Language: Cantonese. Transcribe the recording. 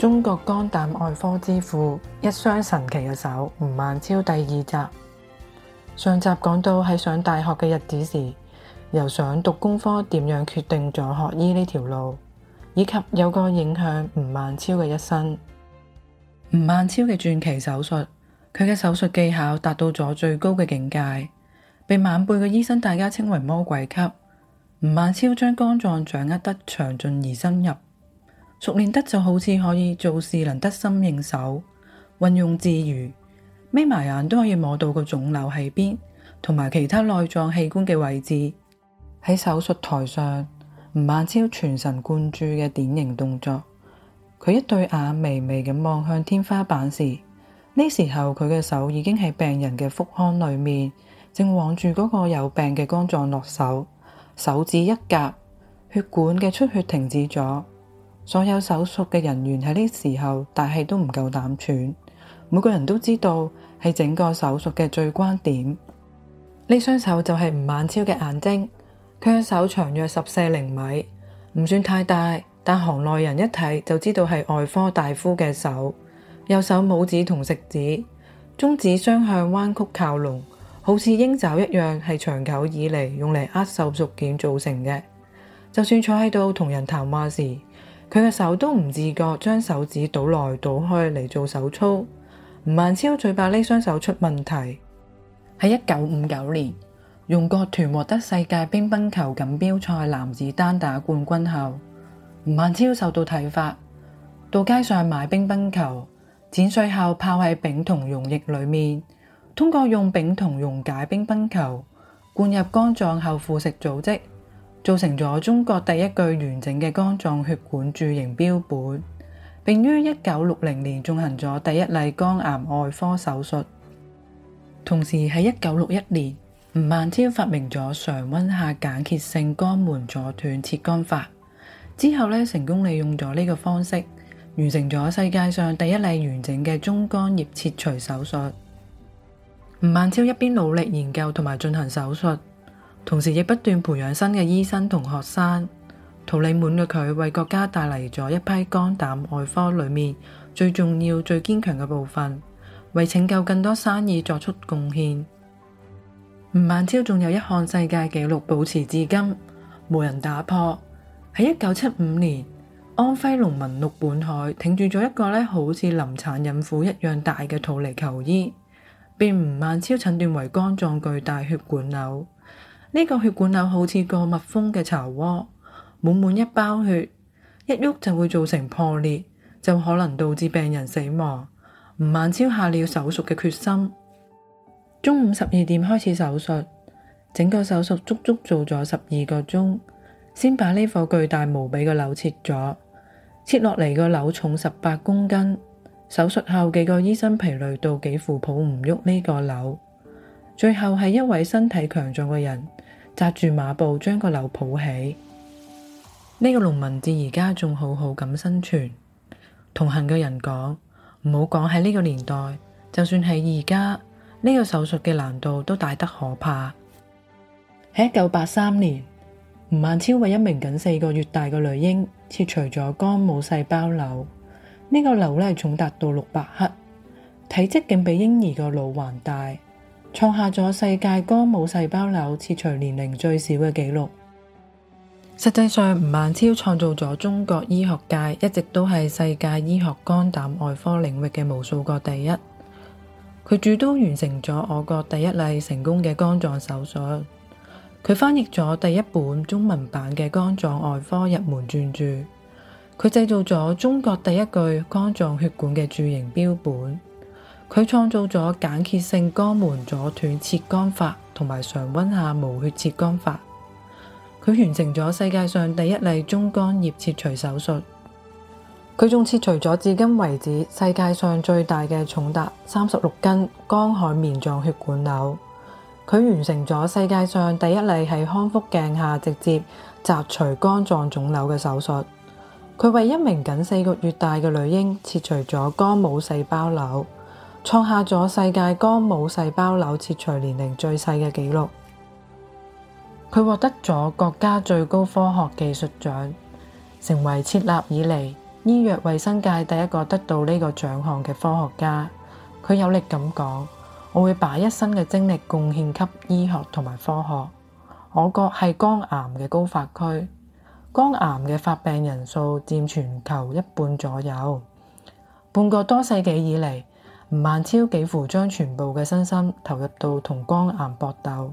中國肝膽外科之父，一雙神奇嘅手。吳孟超第二集，上集講到喺上大學嘅日子時，由想讀工科點樣決定咗學醫呢條路，以及有個影響吳孟超嘅一生。吳孟超嘅傳奇手術，佢嘅手術技巧達到咗最高嘅境界，被晚輩嘅醫生大家稱為魔鬼級。吳孟超將肝臟掌握得詳盡而深入。熟練得就好似可以做事，能得心應手，運用自如。眯埋眼都可以摸到個腫瘤喺邊，同埋其他內臟器官嘅位置。喺手術台上，吳孟超全神貫注嘅典型動作，佢一對眼微微咁望向天花板時，呢時候佢嘅手已經喺病人嘅腹腔裏面，正往住嗰個有病嘅肝臟落手，手指一夾，血管嘅出血停止咗。所有手術嘅人員喺呢時候大氣都唔夠膽喘，每個人都知道係整個手術嘅最關點。呢雙手就係吳孟超嘅眼睛，佢嘅手長約十四厘米，唔算太大，但行內人一睇就知道係外科大夫嘅手。右手拇指同食指中指雙向彎曲靠攏，好似鷹爪一樣，係長久以嚟用嚟握手術鉗造成嘅。就算坐喺度同人談話時，佢嘅手都唔自覺將手指倒，倒來倒去嚟做手操。吳孟超最怕呢雙手出問題。喺一九五九年，容國團獲得世界乒乓球錦標賽男子單打冠軍後，吳孟超受到啟發，到街上買乒乓球，剪碎後泡喺丙酮溶液裡面，通過用丙酮溶解乒乓球，灌入肝臟後腐蝕組織。造成咗中國第一具完整嘅肝臟血管鑄型標本，並於一九六零年進行咗第一例肝癌外科手術。同時喺一九六一年，吳孟超發明咗常温下間歇性肝門阻斷切肝法，之後咧成功利用咗呢個方式，完成咗世界上第一例完整嘅中肝葉切除手術。吳孟超一邊努力研究同埋進行手術。同時亦不斷培養新嘅醫生同學生，桃李滿嘅佢為國家帶嚟咗一批肝膽外科裏面最重要、最堅強嘅部分，為拯救更多生意作出貢獻。吳孟超仲有一項世界紀錄保持至今，無人打破。喺一九七五年，安徽農民陸本海挺住咗一個呢好似臨產孕婦一樣大嘅肚嚟求醫，被吳孟超診斷為肝臟巨大血管瘤。呢個血管瘤好似個蜜蜂嘅巢窩，滿滿一包血，一喐就會造成破裂，就可能導致病人死亡。吳孟超下了手術嘅決心，中午十二點開始手術，整個手術足足，足做咗十二個鐘，先把呢顆巨大無比嘅瘤切咗，切落嚟個瘤重十八公斤，手術後幾個醫生疲累到幾乎抱唔喐呢個瘤。最後係一位身體強壯嘅人扎住馬步，將個瘤抱起。呢個農民至而家仲好好咁生存。同行嘅人講，唔好講喺呢個年代，就算係而家呢個手術嘅難度都大得可怕。喺一九八三年，吳孟超為一名僅四個月大嘅女嬰切除咗肝母細胞瘤。呢個瘤呢，重達到六百克，體積竟比嬰兒嘅腦還大。創下咗世界肝母細胞瘤切除年齡最少嘅紀錄。實際上，吳孟超創造咗中國醫學界一直都係世界醫學肝膽外科領域嘅無數個第一。佢主刀完成咗我國第一例成功嘅肝臟手術。佢翻譯咗第一本中文版嘅肝臟外科入門專著。佢製造咗中國第一具肝臟血管嘅鑄型標本。佢創造咗間歇性肝門阻斷切肝法，同埋常溫下無血切肝法。佢完成咗世界上第一例中肝葉切除手術。佢仲切除咗至今為止世界上最大嘅重達三十六斤肝海綿狀血管瘤。佢完成咗世界上第一例喺康復鏡下直接摘除肝臟腫瘤嘅手術。佢為一名僅四個月大嘅女嬰切除咗肝母細胞瘤。創下咗世界肝母細胞瘤切除年齡最細嘅紀錄，佢獲得咗國家最高科學技術獎，成為設立以嚟醫藥衛生界第一個得到呢個獎項嘅科學家。佢有力咁講：「我會把一生嘅精力貢獻給醫學同埋科學。我國係肝癌嘅高發區，肝癌嘅發病人數佔全球一半左右。半個多世紀以嚟，吳孟超幾乎將全部嘅身心投入到同肝癌搏鬥。